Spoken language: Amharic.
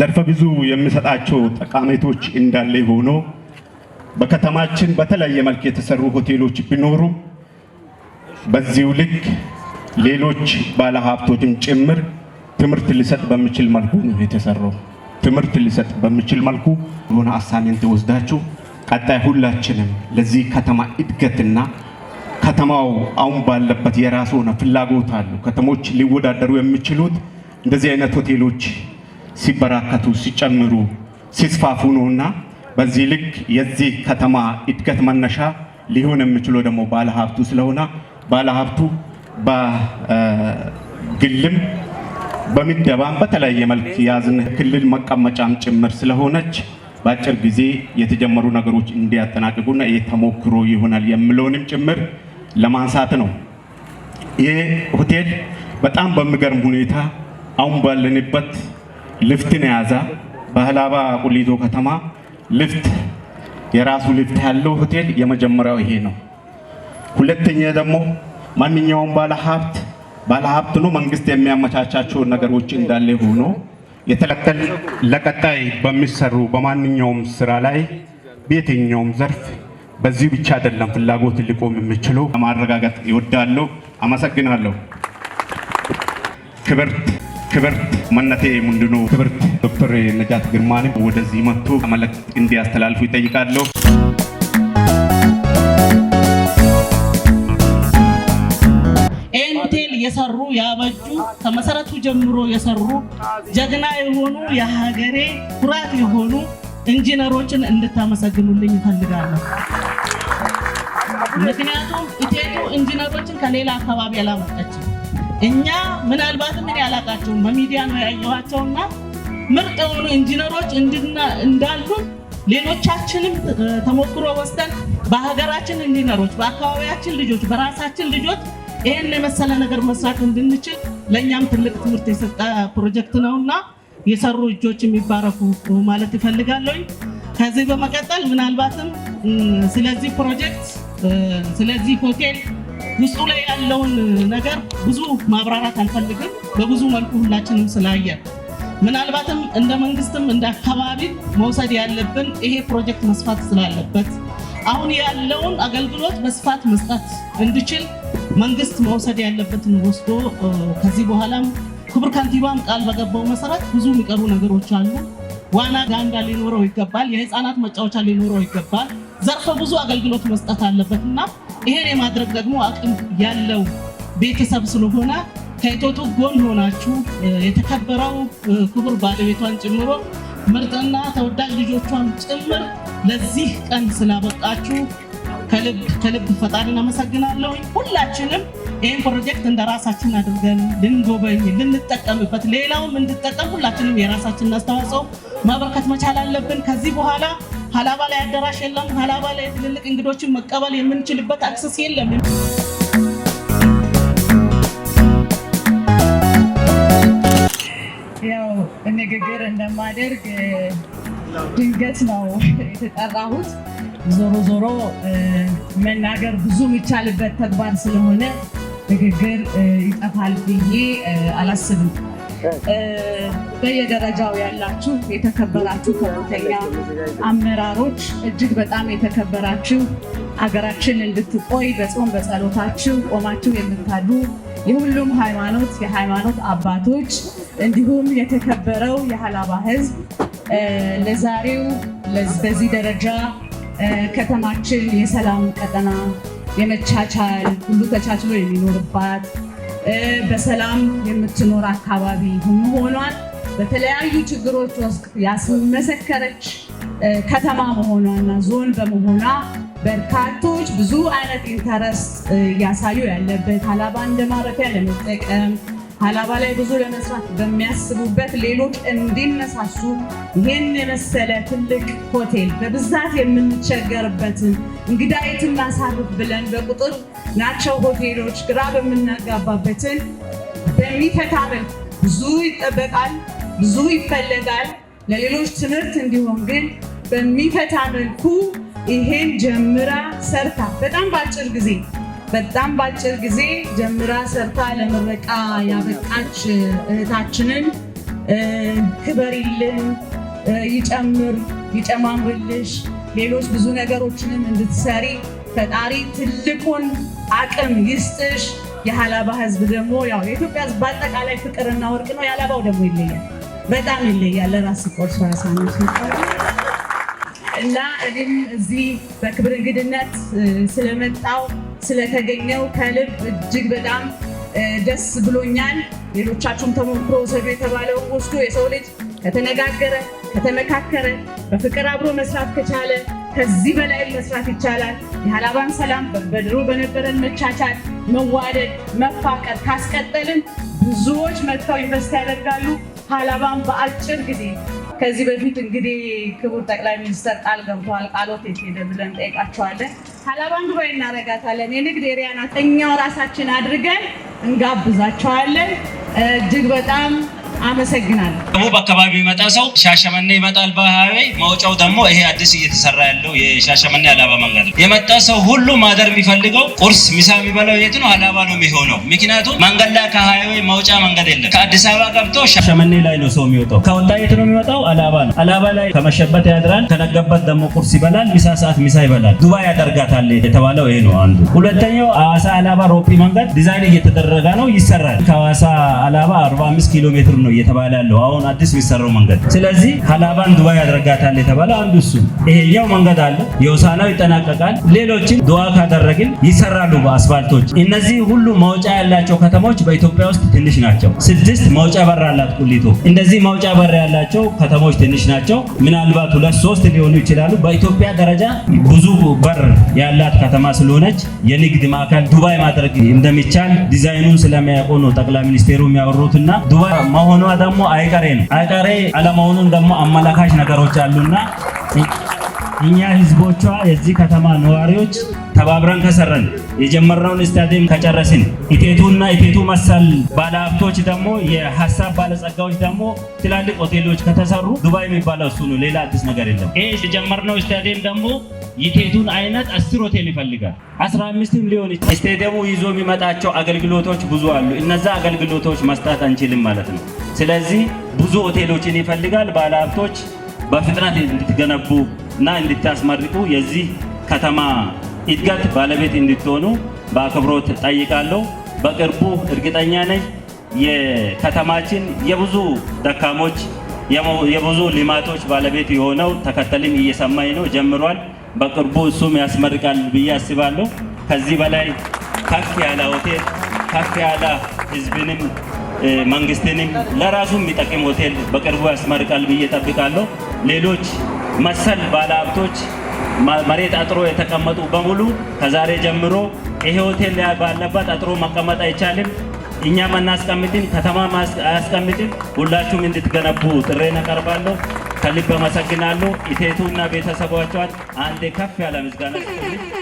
ዘርፈ ብዙ የሚሰጣቸው ጠቃሜቶች እንዳለ ሆኖ በከተማችን በተለያየ መልክ የተሰሩ ሆቴሎች ቢኖሩ በዚሁ ልክ ሌሎች ባለሀብቶችም ጭምር ትምህርት ሊሰጥ በሚችል መልኩ ነው የተሰራው። ትምህርት ሊሰጥ በሚችል መልኩ ሆነ አሳይመንት ተወስዳችሁ ቀጣይ ሁላችንም ለዚህ ከተማ እድገትና ከተማው አሁን ባለበት የራሱ ሆነ ፍላጎት አሉ ከተሞች ሊወዳደሩ የሚችሉት እንደዚህ አይነት ሆቴሎች ሲበራከቱ ሲጨምሩ ሲስፋፉ ነውና በዚህ ልክ የዚህ ከተማ እድገት መነሻ ሊሆን የሚችለው ደግሞ ባለሀብቱ ስለሆነ ባለሀብቱ በግልም በሚደባም በተለያየ መልክ የያዝን ክልል መቀመጫም ጭምር ስለሆነች በአጭር ጊዜ የተጀመሩ ነገሮች እንዲያጠናቅቁና ይህ ተሞክሮ ይሆናል የሚለውንም ጭምር ለማንሳት ነው። ይህ ሆቴል በጣም በሚገርም ሁኔታ አሁን ባለንበት ልፍትን የያዛ ባህላባ ቁሊቶ ከተማ ልፍት የራሱ ልፍት ያለው ሆቴል የመጀመሪያው ይሄ ነው። ሁለተኛ ደግሞ ማንኛውም ባለሀብት ባለሀብት ነው መንግስት የሚያመቻቻቸው ነገሮች እንዳለ ሆኖ የተለቀል ለቀጣይ በሚሰሩ በማንኛውም ስራ ላይ በየትኛውም ዘርፍ በዚህ ብቻ አይደለም ፍላጎት ሊቆም የሚችለው ለማረጋገጥ ይወዳለሁ። አመሰግናለሁ ክብርት ክብርት መነቴ ሙንድኑ ክብርት ዶክተር ነጃት ግርማንም ወደዚህ መጥቶ መልእክት እንዲያስተላልፉ ይጠይቃለሁ። ኤንቴል የሰሩ ያበጁ ከመሰረቱ ጀምሮ የሰሩ ጀግና የሆኑ የሀገሬ ኩራት የሆኑ ኢንጂነሮችን እንድታመሰግኑልኝ ይፈልጋለሁ። ምክንያቱም ኢቴቱ ኢንጂነሮችን ከሌላ አካባቢ አላመጣችም። እኛ ምናልባትም እኔ አላቃቸውም በሚዲያ ነው ያየኋቸውና ምርጥ የሆኑ ኢንጂነሮች እንዳሉ ሌሎቻችንም ተሞክሮ ወስደን በሀገራችን ኢንጂነሮች፣ በአካባቢያችን ልጆች፣ በራሳችን ልጆች ይህን የመሰለ ነገር መስራት እንድንችል ለእኛም ትልቅ ትምህርት የሰጠ ፕሮጀክት ነውና የሰሩ እጆች የሚባረፉ ማለት ይፈልጋለኝ። ከዚህ በመቀጠል ምናልባትም ስለዚህ ፕሮጀክት ስለዚህ ሆቴል ውስጡ ላይ ያለውን ነገር ብዙ ማብራራት አልፈልግም። በብዙ መልኩ ሁላችንም ስላየን ምናልባትም እንደ መንግስትም እንደ አካባቢ መውሰድ ያለብን ይሄ ፕሮጀክት መስፋት ስላለበት አሁን ያለውን አገልግሎት በስፋት መስጠት እንድችል መንግስት መውሰድ ያለበትን ወስዶ ከዚህ በኋላም ክቡር ከንቲባም ቃል በገባው መሰረት ብዙ የሚቀሩ ነገሮች አሉ። ዋና ጋንዳ ሊኖረው ይገባል። የህፃናት መጫወቻ ሊኖረው ይገባል። ዘርፈ ብዙ አገልግሎት መስጠት አለበት እና ይሄን የማድረግ ደግሞ አቅም ያለው ቤተሰብ ስለሆነ ከእቶቱ ጎን ሆናችሁ የተከበረው ክቡር ባለቤቷን ጨምሮ ምርጥና ተወዳጅ ልጆቿን ጭምር ለዚህ ቀን ስላበቃችሁ ከልብ ከልብ ፈጣሪን አመሰግናለሁ። ሁላችንም ይህን ፕሮጀክት እንደ ራሳችን አድርገን ልንጎበኝ፣ ልንጠቀምበት፣ ሌላውም እንድጠቀም ሁላችንም የራሳችንን አስተዋጽኦ ማበርከት መቻል አለብን። ከዚህ በኋላ ሀላባ ላይ አዳራሽ የለም። ሀላባ ላይ ትልልቅ እንግዶችን መቀበል የምንችልበት አክሰስ የለም። ያው ንግግር እንደማደርግ ድንገት ነው የተጠራሁት። ዞሮ ዞሮ መናገር ብዙ የሚቻልበት ተግባር ስለሆነ ንግግር ይጠፋል ብዬ አላስብም። በየደረጃው ያላችሁ የተከበራችሁ ከፍተኛ አመራሮች፣ እጅግ በጣም የተከበራችሁ አገራችን እንድትቆይ በጾም በጸሎታችሁ ቆማችሁ የምታሉ የሁሉም ሃይማኖት የሃይማኖት አባቶች እንዲሁም የተከበረው የሀላባ ሕዝብ ለዛሬው በዚህ ደረጃ ከተማችን የሰላም ቀጠና የመቻቻል ሁሉ ተቻችሎ የሚኖርባት በሰላም የምትኖር አካባቢ መሆኗን በተለያዩ ችግሮች ውስጥ ያስመሰከረች ከተማ መሆኗና ዞን በመሆኗ በርካቶች ብዙ አይነት ኢንተረስት እያሳዩ ያለበት አላባ እንደማረፊያ ለመጠቀም ሀላባ ላይ ብዙ ለመስራት በሚያስቡበት ሌሎች እንዲነሳሱ ይህን የመሰለ ትልቅ ሆቴል በብዛት የምንቸገርበትን እንግዳ የት እናሳርፍ ብለን በቁጥር ናቸው ሆቴሎች ግራ በምናጋባበትን በሚፈታ መልክ ብዙ ይጠበቃል፣ ብዙ ይፈለጋል። ለሌሎች ትምህርት እንዲሆን ግን በሚፈታ መልኩ ይሄን ጀምራ ሰርታ በጣም በአጭር ጊዜ በጣም በአጭር ጊዜ ጀምራ ሰርታ ለምረቃ ያበቃች እህታችንን ክበሪልን፣ ይጨምር ይጨማምርልሽ፣ ሌሎች ብዙ ነገሮችንም እንድትሰሪ ፈጣሪ ትልቁን አቅም ይስጥሽ። የሀላባ ህዝብ ደግሞ ያው የኢትዮጵያ ህዝብ በአጠቃላይ ፍቅርና ወርቅ ነው። የሀላባው ደግሞ ይለያል፣ በጣም ይለያል። ለራስ ቆርሶ ያሳነች እና እኔም እዚህ በክብር እንግድነት ስለመጣው ስለተገኘው ከልብ እጅግ በጣም ደስ ብሎኛል። ሌሎቻችሁም ተሞክሮ ሰዱ የተባለው ወስዶ የሰው ልጅ ከተነጋገረ፣ ከተመካከረ፣ በፍቅር አብሮ መስራት ከቻለ ከዚህ በላይ መስራት ይቻላል። የሀላባን ሰላም በድሮ በነበረን መቻቻል፣ መዋደድ፣ መፋቀር ካስቀጠልን ብዙዎች መጥተው ኢንቨስት ያደርጋሉ። ሀላባን በአጭር ጊዜ ከዚህ በፊት እንግዲህ ክቡር ጠቅላይ ሚኒስተር ቃል ገብተዋል። ቃሎት የት ሄደ ብለን ጠይቃቸዋለን። ሀላባን ዱባይ እናረጋታለን። የንግድ ኤሪያ ናት። እኛው ራሳችን አድርገን እንጋብዛቸዋለን። እጅግ በጣም አመሰግናለሁ። በአካባቢ ይመጣ ሰው ሻሸመኔ ይመጣል። በሀይዌይ መውጫው ደግሞ ይሄ አዲስ እየተሰራ ያለው የሻሸመኔ አላባ መንገድ ነው። የመጣ ሰው ሁሉ ማደር የሚፈልገው ቁርስ፣ ምሳ የሚበላው የት ነው? አላባ ነው የሚሆነው። ምክንያቱም መንገድ ላይ ከሀይዌይ መውጫ መንገድ የለም። ከአዲስ አበባ ገብቶ ሻሸመኔ ላይ ነው ሰው የሚወጣው። ከወጣ የት ነው የሚወጣው? አላባ ነው። አላባ ላይ ከመሸበት ያድራል። ከነገበት ደግሞ ቁርስ ይበላል። ምሳ ሰዓት ምሳ ይበላል። ዱባይ ያደርጋታል የተባለው ይሄ ነው አንዱ። ሁለተኛው አዋሳ አላባ ሮፒ መንገድ ዲዛይን እየተደረገ ነው፣ ይሰራል። ከአዋሳ አላባ 45 ኪሎ ሜትር ነው ነው እየተባለ ያለው አሁን አዲስ የሚሰራው መንገድ። ስለዚህ ሀላባን ዱባይ ያደርጋታል የተባለ አንዱ እሱ ይሄኛው መንገድ አለ። የውሳናው ይጠናቀቃል። ሌሎችን ዱዓ ካደረግን ይሰራሉ በአስፋልቶች። እነዚህ ሁሉ መውጫ ያላቸው ከተሞች በኢትዮጵያ ውስጥ ትንሽ ናቸው። ስድስት መውጫ በር አላት ቁሊቶ። እንደዚህ መውጫ በር ያላቸው ከተሞች ትንሽ ናቸው። ምናልባት ሁለት ሶስት ሊሆኑ ይችላሉ። በኢትዮጵያ ደረጃ ብዙ በር ያላት ከተማ ስለሆነች የንግድ ማዕከል ዱባይ ማድረግ እንደሚቻል ዲዛይኑን ስለሚያውቁ ነው ጠቅላይ ሚኒስቴሩ የሚያወሩትና ዱባይ መሆን መሆኗ ደግሞ አይቀሬ ነው። አይቀሬ አለመሆኑን ደግሞ አመላካች ነገሮች አሉና እኛ ህዝቦቿ የዚህ ከተማ ነዋሪዎች ተባብረን ከሰረን የጀመርነውን ስታዲየም ከጨረስን ኢቴቱና ኢቴቱ መሰል ባለሀብቶች ደግሞ የሀሳብ ባለጸጋዎች ደግሞ ትላልቅ ሆቴሎች ከተሰሩ ዱባይ የሚባለው እሱ ነው። ሌላ አዲስ ነገር የለም። ይህ የጀመርነው ስታዲየም ደግሞ የቴቱን አይነት አስር ሆቴል ይፈልጋል። አስራ አምስትም ሊሆን ይችላል። ስቴዲየሙ ይዞ የሚመጣቸው አገልግሎቶች ብዙ አሉ። እነዛ አገልግሎቶች መስጠት አንችልም ማለት ነው። ስለዚህ ብዙ ሆቴሎችን ይፈልጋል። ባለሀብቶች በፍጥነት እንድትገነቡ እና እንድታስመርቁ የዚህ ከተማ እድገት ባለቤት እንድትሆኑ በአክብሮት ጠይቃለሁ። በቅርቡ እርግጠኛ ነኝ የከተማችን የብዙ ደካሞች የብዙ ልማቶች ባለቤት የሆነው ተከተልም እየሰማኝ ነው ጀምሯል። በቅርቡ እሱም ያስመርቃል ብዬ አስባለሁ። ከዚህ በላይ ከፍ ያለ ሆቴል ከፍ ያለ ህዝብንም መንግስትንም ለራሱ የሚጠቅም ሆቴል በቅርቡ ያስመርቃል ብዬ ጠብቃለሁ። ሌሎች መሰል ባለሀብቶች መሬት አጥሮ የተቀመጡ በሙሉ ከዛሬ ጀምሮ ይሄ ሆቴል ባለበት አጥሮ መቀመጥ አይቻልም። እኛም አናስቀምጥም፣ ከተማ አያስቀምጥም። ሁላችሁም እንድትገነቡ ጥሬን አቀርባለሁ። ከልብ አመሰግናለሁ። ኢቴቱና ቤተሰቦቿን አንዴ ከፍ ያለ ምስጋና